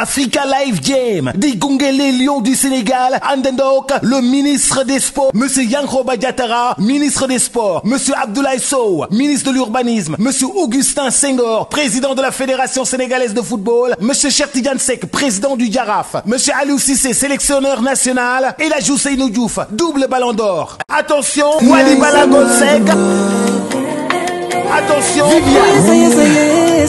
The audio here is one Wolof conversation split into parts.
Africa Live Game di gunge les du Sénégal àndandook le ministre des sports monsieur Yankhoba Diattara ministre des sports monsieur Abdoulaye Sow ministre de l'urbanisme monsieur Augustin Senghor président de la fédération sénégalaise de football m Cheikh Tidiane Seck président du Jaraaf monsieur Aliou Cissé sélectionneur national El Hadji Ousseynou Diouf double ballon d'or attention Wally Ballago Seck attention Viviane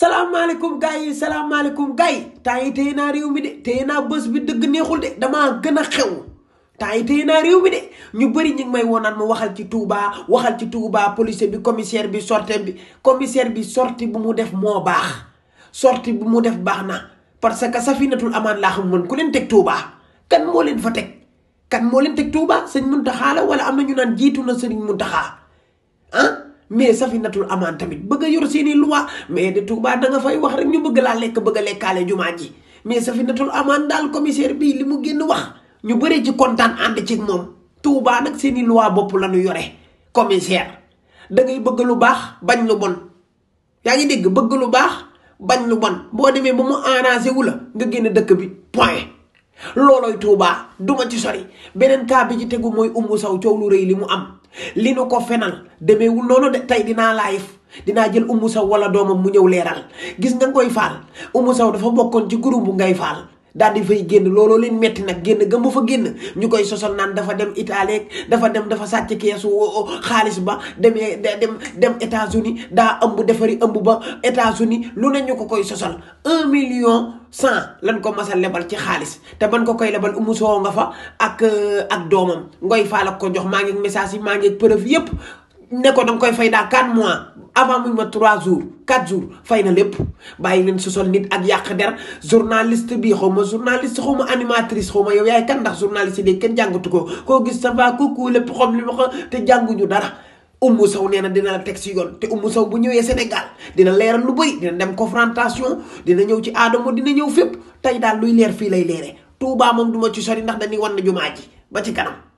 salaamaaleykum gars yi salaamaaleykum gars yi temps yi téye naa réew mi de téye naa bës bi dëgg neexul de damaa gën a xew temps yi téye naa réew mi de ñu bëri ñu ngi may wonaan ma waxal ci tuubaa waxal ci Touba policier bi commissaire bi sortie bi commissaire bi sortie bu mu def moo baax sortie bu mu def baax na parce que safinatul amaan laa xam mën ku leen teg tuubaa kan moo leen fa teg kan moo leen teg Touba sëñ Muntaxa la wala am na ñu naan jiitu na sëriñ Muntaxa mais safinatul amaan tamit bëgg a yor seeni loi mais de Touba da nga fay wax rek ñu bëgg laa lekk bëgg lekkaale jumaa ji mais safinatul amaan daal commissaire bii li mu génn wax ñu bëri ji kontaan ànd ci moom Touba nag seeni loi bopp la ñu yore commissaire da ngay bëgg lu baax bañ lu bon yaa ngi dégg bëgg lu baax bañ lu bon boo demee ba mu arrangé wu la nga génn dëkk bi point loolooy Touba duma ci sori beneen cas bi ci tegu mooy Oumou Sow coow lu rëy li mu am li nu ko fenal demeewul noonu de tey dinaa live dinaa jël Oumou saw wala doomam mu ñëw leeral gis nga Ngoye Fall Oumou saw dafa bokkoon ci groupe bu Ngoye Fall daal di fay génn looloo leen metti nag génn ga mu fa génn ñu koy sosal naan dafa dem Italie dafa dem dafa sàcc keesu xaalis ba demee dem dem États-Unis daa ëmb defari ëmb ba États-Unis lu ne ñu ko koy sosal un cent lan ko mas a lebal ci xaalis te ban ko koy lebal umu soo nga fa ak euh, ak doomam ngoy faal ak ko jox maa ngi message yi maa ngi preuve yëpp nekkoo ko danga koy fay daa quatre mois avant mu ma trois jours quatre jours fay na lépp bàyyi leen sosol nit ak yàq der journaliste bi xaw ma journaliste xaw ma animatrice xaw ma yow yaay kan ndax journaliste yi léegi kenn jàngatu ko koo gis ça va kooku lépp xam li ma te jànguñu dara Oumou Sow nee na dina la teg si yoon te Oumou Sow bu ñëwee Sénégal dina leeral lu bëri dina dem confrontation dina ñëw ci Adamo dina ñëw fépp tey daal luy leer fii lay leere Touba moom du ma ci sori ndax dañuy wan na jumaa ji ba ci kanam.